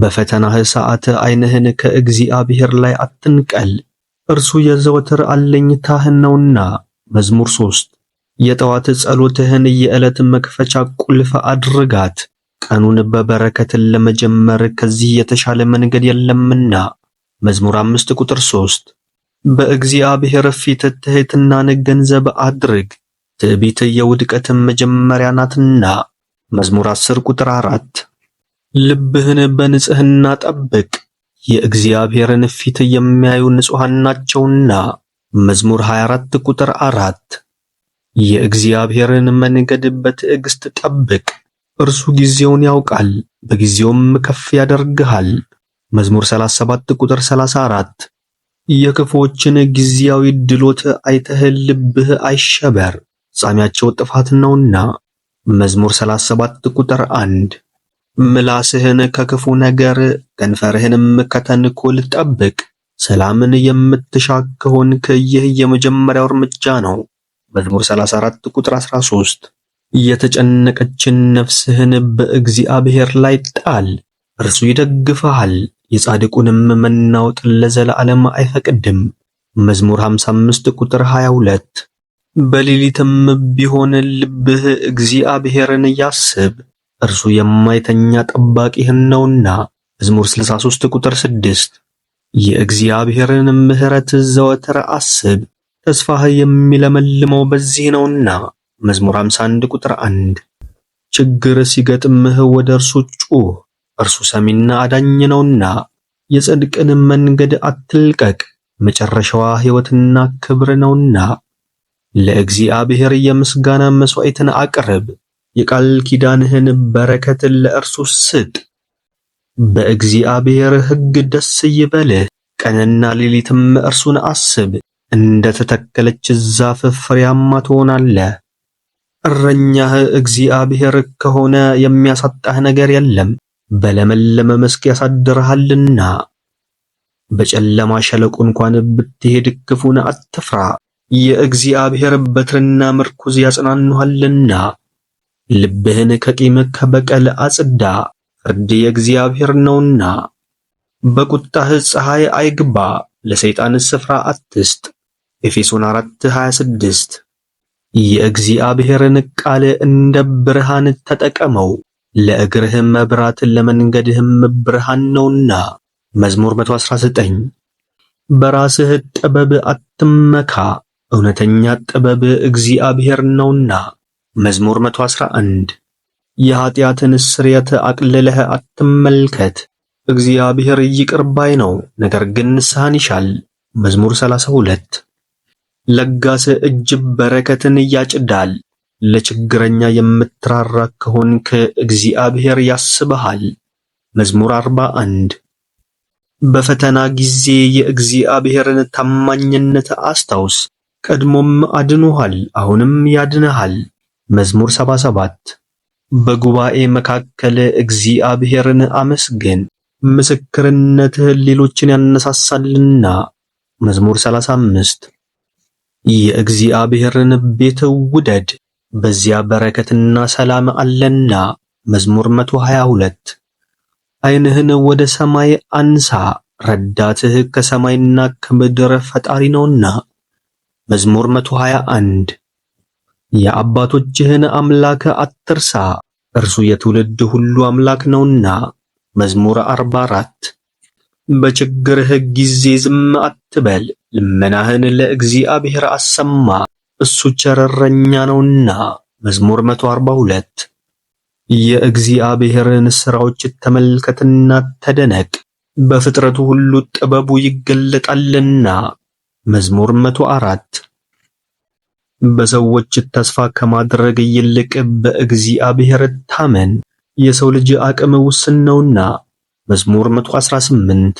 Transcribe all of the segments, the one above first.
በፈተናህ ሰዓት ዓይንህን ከእግዚአብሔር ላይ አትንቀል፣ እርሱ የዘወትር አለኝታህ ነውና። መዝሙር 3 የጠዋት ጸሎትህን የዕለት መክፈቻ ቁልፍ አድርጋት፣ ቀኑን በበረከትን ለመጀመር ከዚህ የተሻለ መንገድ የለምና። መዝሙር 5 ቁጥር 3 በእግዚአብሔር ፊት ትሕትናን ገንዘብ አድርግ፣ ትዕቢት የውድቀትን መጀመሪያ ናትና። መዝሙር 10 ቁጥር 4 ልብህን በንጽህና ጠብቅ፣ የእግዚአብሔርን ፊት የሚያዩ ንጹሐን ናቸውና። መዝሙር 24 ቁጥር 4 የእግዚአብሔርን መንገድ በትዕግስት ጠብቅ፣ እርሱ ጊዜውን ያውቃል፣ በጊዜውም ከፍ ያደርግሃል። መዝሙር 37 ቁጥር 34 የክፎችን ጊዜያዊ ድሎት አይተህ ልብህ አይሸበር፣ ፍጻሜያቸው ጥፋት ነውና። መዝሙር 37 ቁጥር 1 ምላስህን ከክፉ ነገር ከንፈርህንም ከተንኮል ጠብቅ። ሰላምን የምትሻ ከሆንክ ይህ የመጀመሪያው እርምጃ ነው። መዝሙር 34 ቁጥር 13። የተጨነቀችን ነፍስህን በእግዚአብሔር ላይ ጣል፣ እርሱ ይደግፋል! የጻድቁንም መናወጥ ለዘላለም አይፈቅድም። መዝሙር 55 ቁጥር 22። በሌሊትም ቢሆን ልብህ እግዚአብሔርን ያስብ እርሱ የማይተኛ ጠባቂህም ነውና። መዝሙር 63 ቁጥር 6 የእግዚአብሔርን ምሕረት ዘወትር አስብ፣ ተስፋህ የሚለመልመው በዚህ ነውና። መዝሙር 51 ቁጥር 1 ችግር ሲገጥምህ ወደ እርሱ ጩህ፣ እርሱ ሰሚና አዳኝ ነውና። የጽድቅን መንገድ አትልቀቅ፣ መጨረሻዋ ሕይወትና ክብር ነውና። ለእግዚአብሔር የምስጋና መስዋዕትን አቅርብ የቃል ኪዳንህን በረከትን ለእርሱ ስጥ። በእግዚአብሔር ሕግ ደስ ይበልህ፣ ቀንና ሌሊትም እርሱን አስብ። እንደ ተተከለች ዛፍ ፍሬያማ ትሆናለህ። እረኛህ እግዚአብሔር ከሆነ የሚያሳጣህ ነገር የለም፣ በለመለመ መስክ ያሳድርሃልና። በጨለማ ሸለቆ እንኳን ብትሄድ ክፉን አትፍራ፣ የእግዚአብሔር በትርና ምርኩዝ ያጽናኑሃልና። ልብህን ከቂም ከበቀል አጽዳ፣ ፍርድ የእግዚአብሔር ነውና። በቁጣህ ፀሐይ አይግባ፣ ለሰይጣን ስፍራ አትስጥ። ኤፌሶን 4:26 የእግዚአብሔርን ቃል እንደ ብርሃን ተጠቀመው፣ ለእግርህም መብራት ለመንገድህም ብርሃን ነውና። መዝሙር 119 በራስህ ጥበብ አትመካ፣ እውነተኛ ጥበብ እግዚአብሔር ነውና። መዝሙር 111 የኀጢአትን ስርየት አቅልለህ አትመልከት። እግዚአብሔር ይቅር ባይ ነው፣ ነገር ግን ንስሐን ይሻል። መዝሙር 32 ለጋስ እጅ በረከትን ያጭዳል። ለችግረኛ የምትራራ ከሆንክ እግዚአብሔር ያስብሃል። መዝሙር 41 በፈተና ጊዜ የእግዚአብሔርን ታማኝነት አስታውስ። ቀድሞም አድኖሃል፣ አሁንም ያድንሃል። መዝሙር 77 በጉባኤ መካከል እግዚአብሔርን አመስግን፣ ምስክርነትህ ሌሎችን ያነሳሳልና። መዝሙር 35 የእግዚአብሔርን ቤት ውደድ፣ በዚያ በረከትና ሰላም አለና። መዝሙር 122 ዓይንህን ወደ ሰማይ አንሳ፣ ረዳትህ ከሰማይና ከምድር ፈጣሪ ነውና። መዝሙር 121 የአባቶችህን አምላክ አትርሳ፣ እርሱ የትውልድ ሁሉ አምላክ ነውና። መዝሙር 44 በችግርህ ጊዜ ዝም አትበል፣ ልመናህን ለእግዚአብሔር አሰማ፣ እሱ ቸረረኛ ነውና። መዝሙር 142 የእግዚአብሔርን ሥራዎች ተመልከትና ተደነቅ፣ በፍጥረቱ ሁሉ ጥበቡ ይገለጣልና። መዝሙር 104 በሰዎች ተስፋ ከማድረግ ይልቅ በእግዚአብሔር ታመን። የሰው ልጅ አቅም ውስን ነውና። መዝሙር 118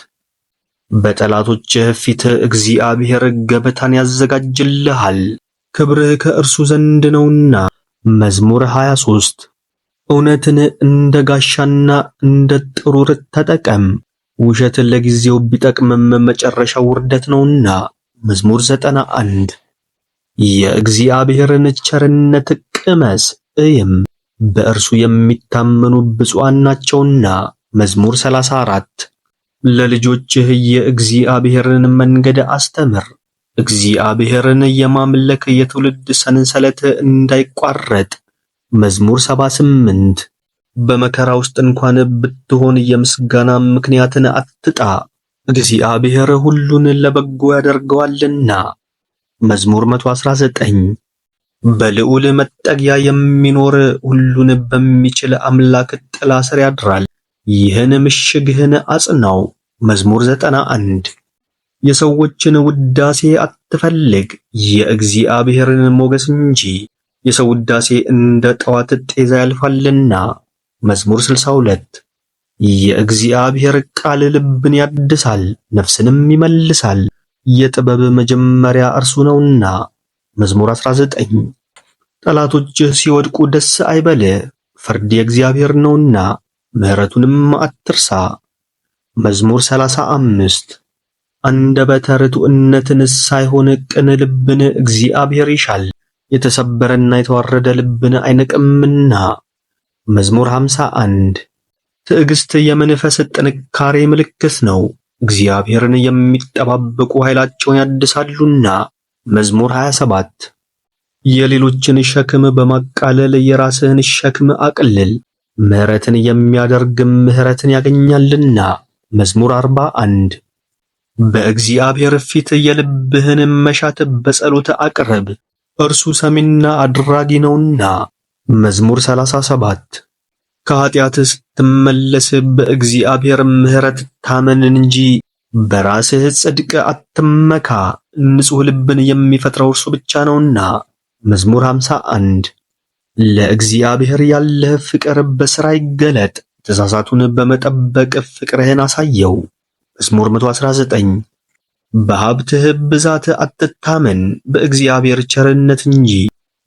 በጠላቶችህ ፊት እግዚአብሔር ገበታን ያዘጋጅልሃል፣ ክብርህ ከእርሱ ዘንድ ነውና። መዝሙር 23 እውነትን እንደ ጋሻና እንደ ጥሩር ተጠቀም፣ ውሸት ለጊዜው ቢጠቅምም መጨረሻው ውርደት ነውና። መዝሙር 91 የእግዚአብሔርን ቸርነት ቅመስ እይም፣ በእርሱ የሚታመኑ ብፁዓን ናቸውና። መዝሙር 34 ለልጆችህ የእግዚአብሔርን መንገድ አስተምር፣ እግዚአብሔርን የማምለክ የትውልድ ሰንሰለት እንዳይቋረጥ። መዝሙር 78 በመከራ ውስጥ እንኳን ብትሆን የምስጋና ምክንያትን አትጣ፣ እግዚአብሔር ሁሉን ለበጎ ያደርገዋልና። መዝሙር 119 በልዑል መጠጊያ የሚኖር ሁሉን በሚችል አምላክ ጥላ ስር ያድራል። ይህን ምሽግህን አጽናው። መዝሙር 91 የሰዎችን ውዳሴ አትፈልግ፣ የእግዚአብሔርን ሞገስ እንጂ። የሰው ውዳሴ እንደ ጠዋት ጤዛ ያልፋልና። መዝሙር 62 የእግዚአብሔር ቃል ልብን ያድሳል፣ ነፍስንም ይመልሳል። የጥበብ መጀመሪያ እርሱ ነውና። መዝሙር 19 ጠላቶች ሲወድቁ ደስ አይበል፣ ፍርድ የእግዚአብሔር ነውና ምሕረቱንም አትርሳ። መዝሙር 35 አንደበተ ርቱዕነትን ሳይሆን ቅን ልብን እግዚአብሔር ይሻል፣ የተሰበረና የተዋረደ ልብን አይንቅምና። መዝሙር 51 ትዕግስት የመንፈስ ጥንካሬ ምልክት ነው፣ እግዚአብሔርን የሚጠባበቁ ኃይላቸውን ያድሳሉና። መዝሙር 27 የሌሎችን ሸክም በማቃለል የራስህን ሸክም አቅልል፣ ምሕረትን የሚያደርግ ምሕረትን ያገኛልና። መዝሙር 41 በእግዚአብሔር ፊት የልብህን መሻት በጸሎት አቅርብ፣ እርሱ ሰሚና አድራጊ ነውና። መዝሙር 37 ከኃጢአትህ ስትመለስ በእግዚአብሔር ምሕረት ታመን እንጂ በራስህ ጽድቅ አትመካ፣ ንጹሕ ልብን የሚፈጥረው እርሱ ብቻ ነውና። መዝሙር 51 ለእግዚአብሔር ያለህ ፍቅር በሥራ ይገለጥ፣ ትእዛዛቱን በመጠበቅ ፍቅርህን አሳየው። መዝሙር 119 በሀብትህ ብዛት አትታመን፣ በእግዚአብሔር ቸርነት እንጂ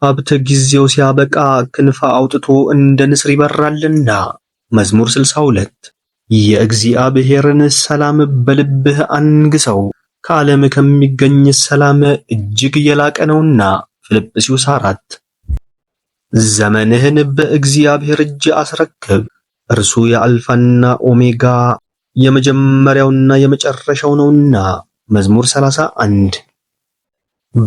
ሀብት ጊዜው ሲያበቃ ክንፍ አውጥቶ እንደ ንስር ይበራልና። መዝሙር 62 የእግዚአብሔርን ሰላም በልብህ አንግሰው ከዓለም ከሚገኝ ሰላም እጅግ የላቀ ነውና። ፊልጵስዩስ 4 ዘመንህን በእግዚአብሔር እጅ አስረክብ፣ እርሱ የአልፋና ኦሜጋ የመጀመሪያውና የመጨረሻው ነውና። መዝሙር 31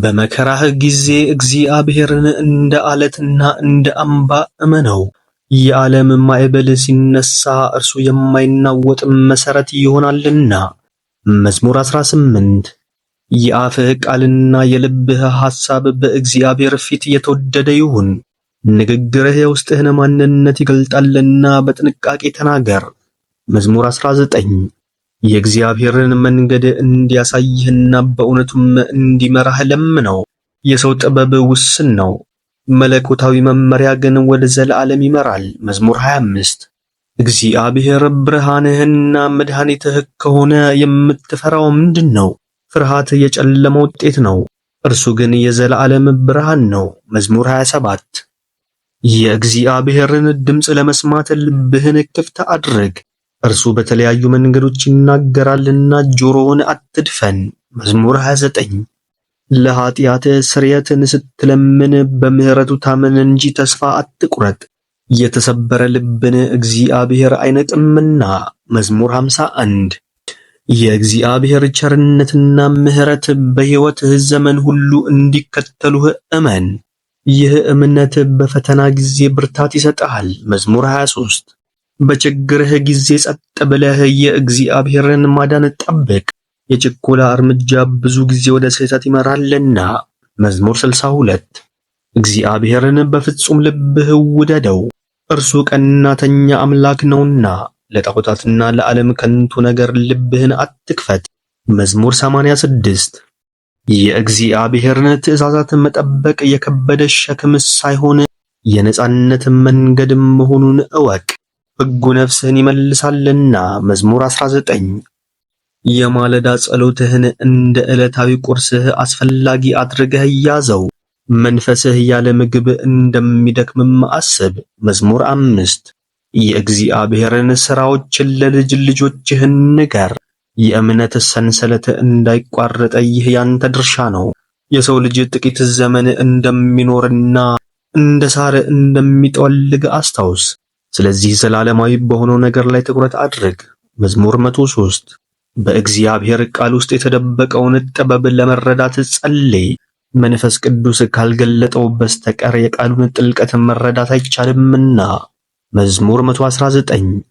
በመከራህ ጊዜ እግዚአብሔርን እንደ አለትና እንደ አምባ እመነው። የዓለም ማዕበል ሲነሳ እርሱ የማይናወጥ መሠረት ይሆናልና። መዝሙር 18 የአፍህ ቃልና የልብህ ሐሳብ በእግዚአብሔር ፊት የተወደደ ይሁን። ንግግርህ የውስጥህን ማንነት ይገልጣልና በጥንቃቄ ተናገር። መዝሙር 19 የእግዚአብሔርን መንገድ እንዲያሳይህና በእውነቱም እንዲመራህ ለምነው። የሰው ጥበብ ውስን ነው፣ መለኮታዊ መመሪያ ግን ወደ ዘላለም ይመራል። መዝሙር 25 እግዚአብሔር ብርሃንህና መድኃኒትህ ከሆነ የምትፈራው ምንድን ነው? ፍርሃት የጨለመ ውጤት ነው፣ እርሱ ግን የዘላለም ብርሃን ነው። መዝሙር 27 የእግዚአብሔርን ድምፅ ለመስማት ልብህን ክፍት አድርግ። እርሱ በተለያዩ መንገዶች ይናገራልና ጆሮውን አትድፈን። መዝሙር 29 ለኃጢአትህ ስርየትን ስትለምን በምሕረቱ ታመን እንጂ ተስፋ አትቁረጥ። የተሰበረ ልብን እግዚአብሔር አይነቅምና። መዝሙር 51 የእግዚአብሔር ቸርነትና ምሕረት በሕይወትህ ዘመን ሁሉ እንዲከተሉህ እመን። ይህ እምነት በፈተና ጊዜ ብርታት ይሰጥሃል። መዝሙር 23 በችግርህ ጊዜ ጸጥ ብለህ የእግዚአብሔርን ማዳን ጠብቅ፤ የችኮላ እርምጃ ብዙ ጊዜ ወደ ስህተት ይመራልና። መዝሙር 62 እግዚአብሔርን በፍጹም ልብህ ውደደው፣ እርሱ ቀናተኛ አምላክ ነውና። ለጣዖታትና ለዓለም ከንቱ ነገር ልብህን አትክፈት። መዝሙር 86 የእግዚአብሔርን ትእዛዛት መጠበቅ የከበደ ሸክም ሳይሆን የነጻነት መንገድ መሆኑን እወቅ። ህጉ ነፍስህን ይመልሳልና መዝሙር 19 የማለዳ ጸሎትህን እንደ ዕለታዊ ቁርስህ አስፈላጊ አድርገህ ያዘው። መንፈስህ ያለ ምግብ እንደሚደክምም አስብ። መዝሙር አምስት የእግዚአብሔርን ሥራዎችን ለልጅ ልጆችህን ንገር። የእምነት ሰንሰለት እንዳይቋረጠ ይህ ያንተ ድርሻ ነው። የሰው ልጅ ጥቂት ዘመን እንደሚኖርና እንደ ሳር እንደሚጠወልግ አስታውስ። ስለዚህ ዘላለማዊ በሆነው ነገር ላይ ትኩረት አድርግ። መዝሙር 103 በእግዚአብሔር ቃል ውስጥ የተደበቀውን ጥበብን ለመረዳት ጸልይ። መንፈስ ቅዱስ ካልገለጠው በስተቀር የቃሉን ጥልቀትን መረዳት አይቻልምና። መዝሙር 119